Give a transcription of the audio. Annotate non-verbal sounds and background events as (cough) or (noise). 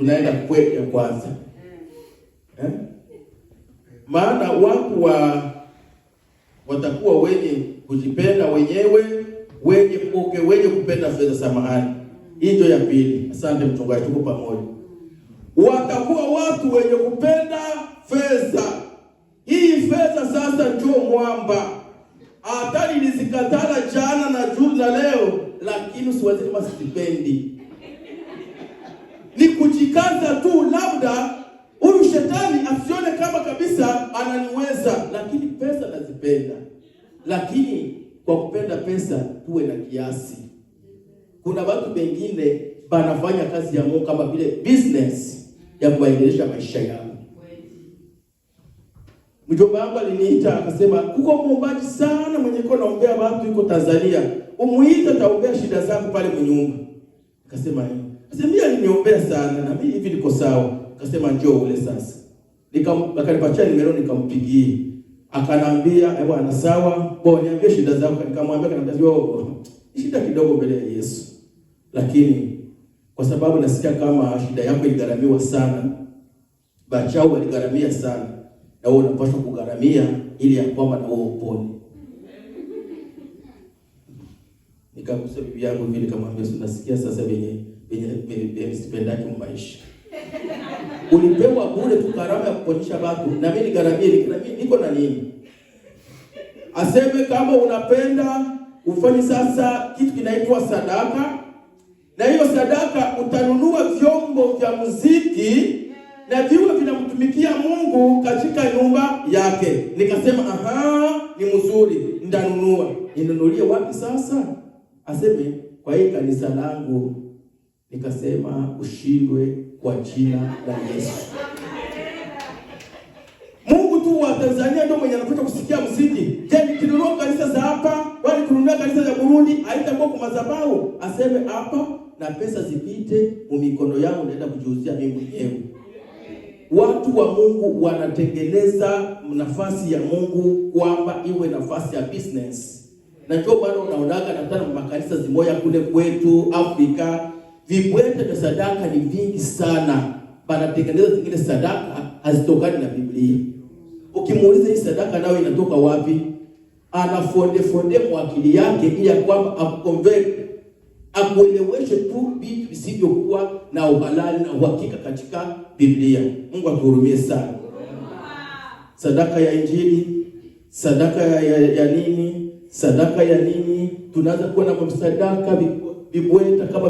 tunaenda ya kwanza eh? Maana watu wa watakuwa wenye kujipenda wenyewe, wenye kuke, wenye kupenda fedha. Samahani, hii ndio ya pili. Asante mchungaji, tuko pamoja. Watakuwa watu wenye kupenda fedha. Hii fedha sasa ndio mwamba. Hata nilizikatala jana na juu na leo, lakini usiwazima sipendi ni kujikaza tu, labda huyu shetani asione kama kabisa ananiweza, lakini pesa nazipenda. Lakini kwa kupenda pesa tuwe na kiasi. Kuna watu wengine banafanya kazi ya Mungu kama vile business ya kuendelesha maisha yao. Mjomba wangu aliniita akasema, uko muombaji sana mwenye kwa naombea watu iko Tanzania, umuite taombea shida zako pale mwenyumba. Akasema mimi aliniombea sana na mimi hivi niko sawa. Akasema njoo ule sasa. Nikanipatia nimero nikampigie. akanambia "Eh bwana sawa, bwana niambie shida zako." Nikamwambia kanambia "Yo, shida kidogo mbele ya Yesu." Lakini kwa sababu nasikia kama shida yako iligharamiwa sana. Bachao waligharamia sana. Na wewe unapaswa kugharamia ili ya kwamba na wewe upone. Nikagusa bibi yangu hivi nikamwambia, si nasikia sasa venye venye msipendake maisha. (laughs) Ulipewa bure tu karama ya kuponisha watu, na mimi nigaramie, niko na nini? Aseme kama unapenda ufanye sasa kitu kinaitwa sadaka, na hiyo sadaka utanunua vyombo vya muziki na viwe vinamtumikia Mungu katika nyumba yake. Nikasema aha, ni mzuri, ndanunua. Ninunulie wapi sasa? aseme kwa hii kanisa langu nikasema ushindwe kwa jina la Yesu. Mungu tu wa Tanzania ndio mwenye anakuja kusikia muziki. Je, nikinunua kanisa za hapa wali kununua kanisa za Burundi haitakuwa kwa madhabahu? Aseme hapa na pesa zipite mumikono yangu, naenda kujiuzia mimi mwenyewe. Watu wa Mungu wanatengeneza nafasi ya Mungu kwamba iwe nafasi ya business Najua bado unaonaga na na makanisa zimoya kule kwetu Afrika, vibwete vya sadaka ni vingi sana, banatengeneza zingine sadaka hazitokani na Biblia. Ukimuuliza hii sadaka nayo inatoka wapi, anafondefonde kwa akili yake ili ya kwamba akonvert akueleweshe tu vitu visivyokuwa na uhalali na uhakika katika Biblia. Mungu atuhurumie sana. Sadaka ya Injili, sadaka ya, ya, ya nini sadaka ya nini? Tunaanza kuwa na msadaka vibweta kama